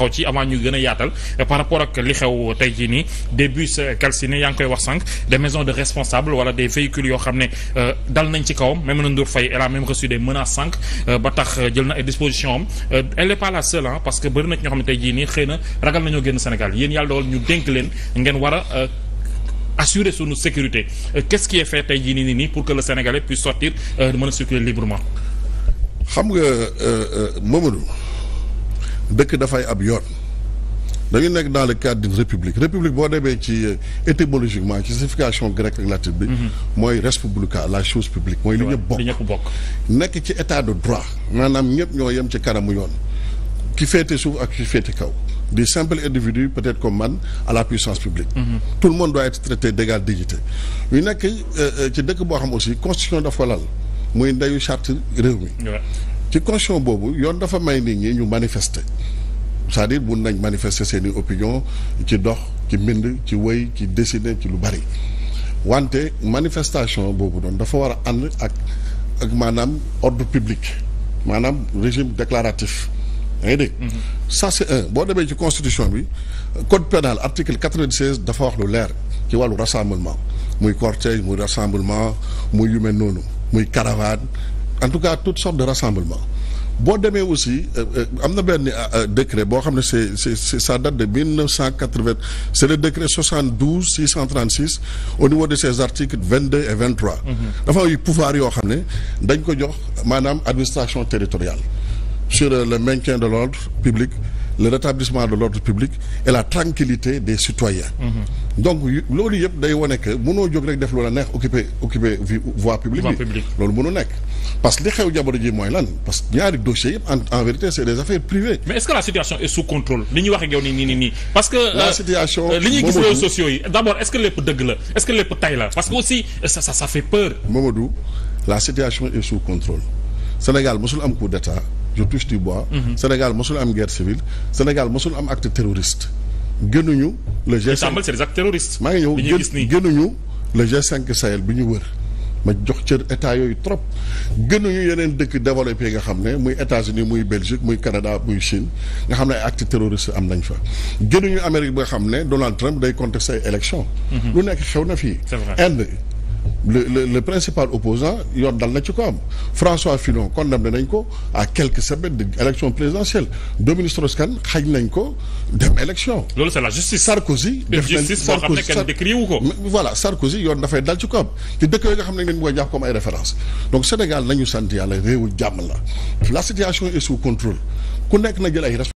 taxaw ci avant ñu gën a yaatal par rapport ak li xew tey jii nii des bus yaa ngi koy wax sànq des maisons de responsable wala des véhicules yoo xam ne euh, dal nañ ci kawam même na Ndour Faye elle a même euh, ba tax jël na ay dispositions am euh, elle est la seule parce que bëri na ci ñoo xam ne tey jii nii xëy na ragal nañoo génn Sénégal yéen yàlla dogal ñu dénk leen ngeen war a assurer sunu sécurité qu'est-ce qui est fait tey jii nii nii pour que le Sénégalais puisse sortir mën a circuler librement. dëkk dafay ab yoon dañu nekk dans le cadre d'une république république boo demee ci euh, étymologiquement ci signification grecque ak latine bi mhm. mooy res publica la chose publique mooy li ñëpp bokk nekk ci état de droit maanaam ñëpp ñoo yem ci kanamu yoon ki féete suuf ak ki féete kaw des simples individus peut-être comme man à la puissance publique mhm. tout le monde doit être traité d'égale dignité ñu nekk euh, euh, ci dëkk boo xam aussi constitution daf ko lal muy ndeyu charte réew mi. ci constitution boobu yoon dafa may nit ñi ñu manifester c'est-à-dire mun nañ manifester seen opinion ci dox ci mbind ci wëy ci dessiner ci lu bari wante manifestation boobu doon dafa war a ànd ak ak maanaam ordre public maanaam régime déclaratif. yaa ngi dégg. Mhm. boo demee ci constitution bi code pénal article quatre vingt dafa wax lu leer ci wàllu rassemblement. muy cortège muy rassemblement muy yu noonu muy caravane en tout cas toutes sortes de rassemblement boo demee aussi euh, euh, am na benn euh, décret boo xam ne c'est c'est ça date de mille cent quatre-vingt c'est le décret soixante-douze six cent trente-six au niveau de ces articles vingt-deux et vingt-trois mm-hmm. pouvoir yoo xam ne dañ ko jox maanaam administration territoriale sur le maintien de l'ordre public le rétablissement de l'ordre public et la tranquillité des citoyens mhm. donc loolu yëpp day wane que mënoo jóg rek def loola neex occuper occuper voie publique bi loolu mënu nekk parce que li xew jamono ji mooy lan parce que ñaari dossiers yëpp en en vérité c'est des affaires privées mais est-ce que la situation est sous contrôle li ñuy wax ak nii parce que la euh, situation euh, li ñuy gis réseaux sociaux yi d'abord est-ce que lépp dëgg la est-ce que lépp tay la parce je touche du bois. Mhm. Sénégal mosul am guerre civile Sénégal mosul am acte terroriste gënuñu le G5 c'est des actes terroristes maa ngi ñëw gënuñu le G5 bi ñu wër ma jox cër état yooyu trop gënuñu yeneen dëkk développé nga xam ne muy États-Unis muy Belgique muy Canada muy Chine nga xam ne ay acte terroriste am nañ fa gënuñu Amérique bi nga xam ne Donald Trump day contester ay élection mhm. lu nekk xew na fii le le le principal opposant yoon dal na ci ko am François dem condamné nañ ko à quelques semaines de élection présidentielle Dominique Strauss-Kahn xaj nañ ko dem élection. loolu c'est la justice Sarkozy. def nañ Sarkozy ko. voilà Sarkozy yoon dafay dal ci ko am dëkk yooyu nga ne dañ koy jàpp comme ay référence donc Sénégal nañu sant yàlla réewu jàmm la la situation est sous contrôle ku nekk na jël ay